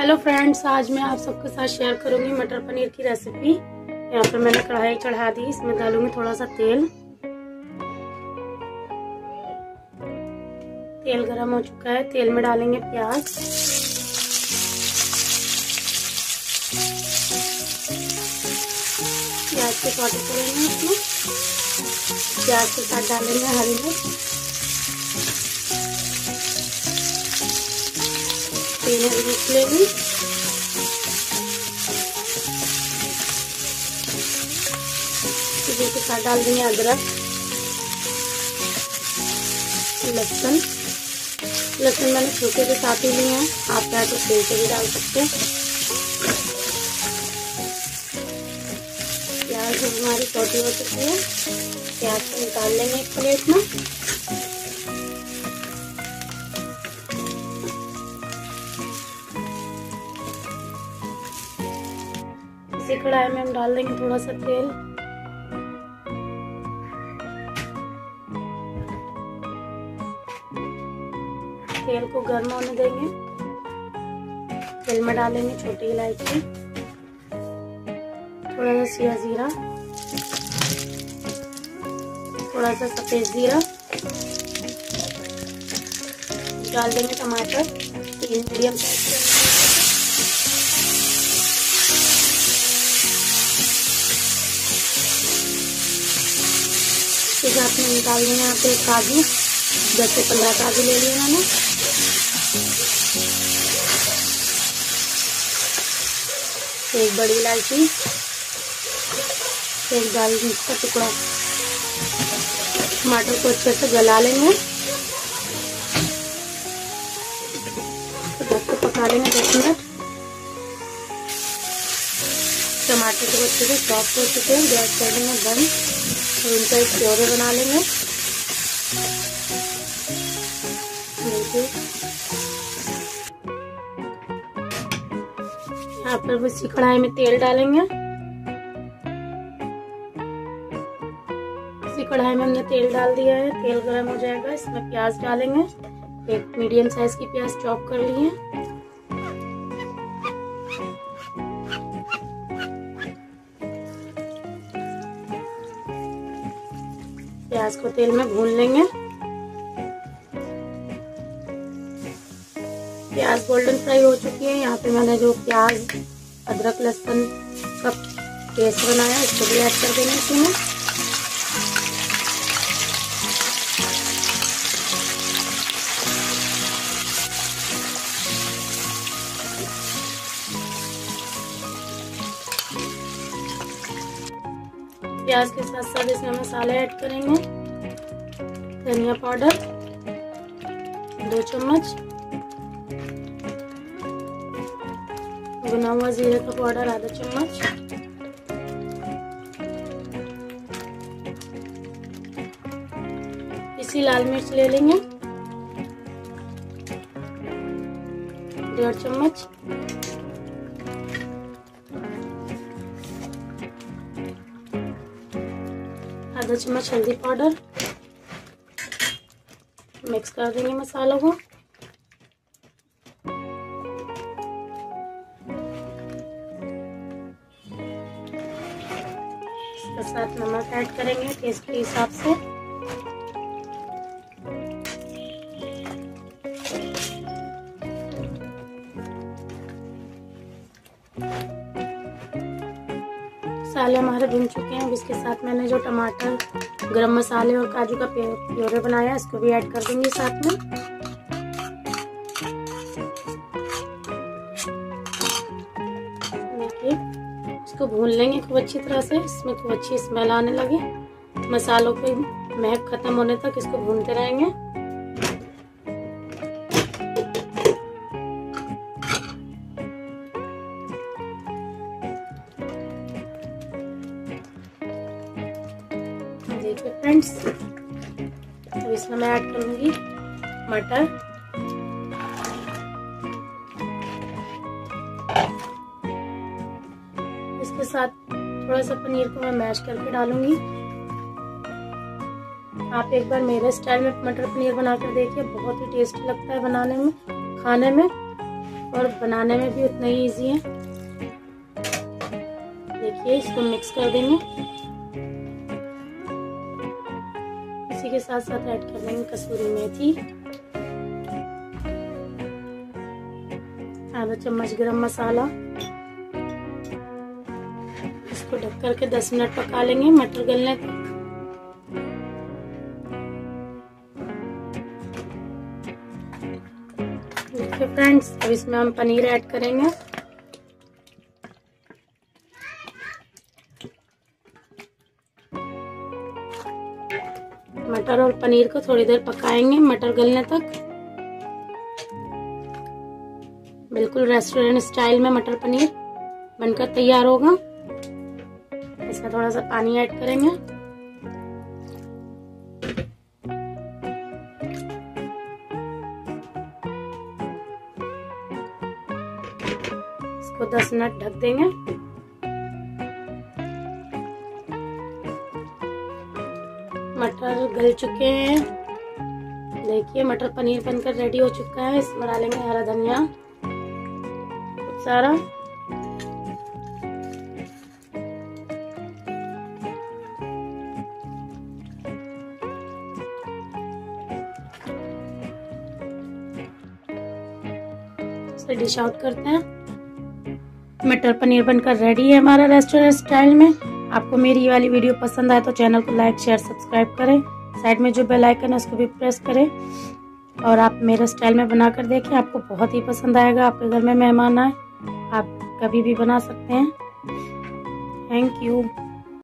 hello friends आज मैं आप सबके साथ शेयर करूंगी मटर पनीर की रेसिपी यहाँ पर मैंने कढ़ाई चढ़ा दी इसमें डालूंगी थोड़ा सा तेल तेल गरम हो चुका है तेल में डालेंगे प्याज प्याज के छोटे करेंगे इसमें प्याज के साथ डालेंगे हरी मिर्च तीनों ले लेंगे के साथ डाल देंगे अदरक लहसुन लहसुन मैंने सूखे के साथ ही लिए हैं आप चाहे तो तेल से भी डाल सकते हैं प्याज हमारी छोटी हो चुकी है प्याज को निकाल लेंगे एक प्लेट में कढ़ाई में हम डाल देंगे थोड़ा सा तेल तेल को गर्म होने देंगे तेल में डालेंगे छोटी इलायची थोड़ा सा सिया जीरा थोड़ा सा सफेद जीरा डाल देंगे टमाटर तीन मीडियम साइज के साथ में निकाल रही यहाँ पे काजू दस से पंद्रह काजू ले लिए मैंने एक बड़ी इलायची एक मिर्च का टुकड़ा टमाटर को अच्छे से गला लेंगे ढक तो पका लेंगे दस मिनट टमाटर को अच्छे से सॉफ्ट हो चुके हैं गैस कर देंगे बंद और उनका तो एक प्योरे बना लेंगे यहाँ पर उसी कढ़ाई में तेल डालेंगे उसी कढ़ाई में हमने तेल डाल दिया है तेल गर्म हो जाएगा इसमें प्याज डालेंगे एक मीडियम साइज की प्याज चॉप कर लिए प्याज को तेल में भून लेंगे प्याज गोल्डन फ्राई हो चुकी है यहाँ पे मैंने जो प्याज अदरक लहसुन का पेस्ट बनाया उसको भी ऐड कर देंगे इसमें प्याज के साथ साथ इसमें मसाला ऐड करेंगे धनिया पाउडर दो चम्मच बना हुआ जीरे का पाउडर आधा चम्मच इसी लाल मिर्च ले लेंगे डेढ़ चम्मच आधा चम्मच हल्दी पाउडर मिक्स कर देंगे मसालों को इसके साथ नमक ऐड करेंगे टेस्ट के हिसाब से मसाले हमारे भुन चुके हैं अब इसके साथ मैंने जो टमाटर गरम मसाले और काजू का प्योरे बनाया इसको भी ऐड कर दूंगी साथ में इसको भून लेंगे खूब अच्छी तरह से इसमें खूब अच्छी स्मेल आने लगे मसालों की महक ख़त्म होने तक इसको भूनते रहेंगे देखिए फ्रेंड्स अब इसमें मैं ऐड करूंगी मटर इसके साथ थोड़ा सा पनीर को मैं मैश करके डालूंगी आप एक बार मेरे स्टाइल में मटर पनीर बनाकर देखिए बहुत ही टेस्टी लगता है बनाने में खाने में और बनाने में भी उतना ही ईजी है देखिए इसको मिक्स कर देंगे इसी के साथ साथ ऐड कर लेंगे कसूरी मेथी आधा चम्मच गरम मसाला इसको ढक करके 10 मिनट पका लेंगे मटर गलने तक फ्रेंड्स अब इसमें हम पनीर ऐड करेंगे मटर और पनीर को थोड़ी देर पकाएंगे मटर गलने तक बिल्कुल रेस्टोरेंट स्टाइल में मटर पनीर बनकर तैयार होगा इसमें थोड़ा सा पानी ऐड करेंगे इसको 10 मिनट ढक देंगे मटर गल चुके हैं देखिए मटर पनीर बनकर रेडी हो चुका है इसमें डालेंगे हरा धनिया सारा डिश आउट करते हैं मटर पनीर बनकर रेडी है हमारा रेस्टोरेंट स्टाइल में आपको मेरी ये वाली वीडियो पसंद आए तो चैनल को लाइक शेयर सब्सक्राइब करें साइड में जो बेल आइकन है उसको भी प्रेस करें और आप मेरे स्टाइल में बना कर देखें आपको बहुत ही पसंद आएगा आपके घर में मेहमान आए आप कभी भी बना सकते हैं थैंक यू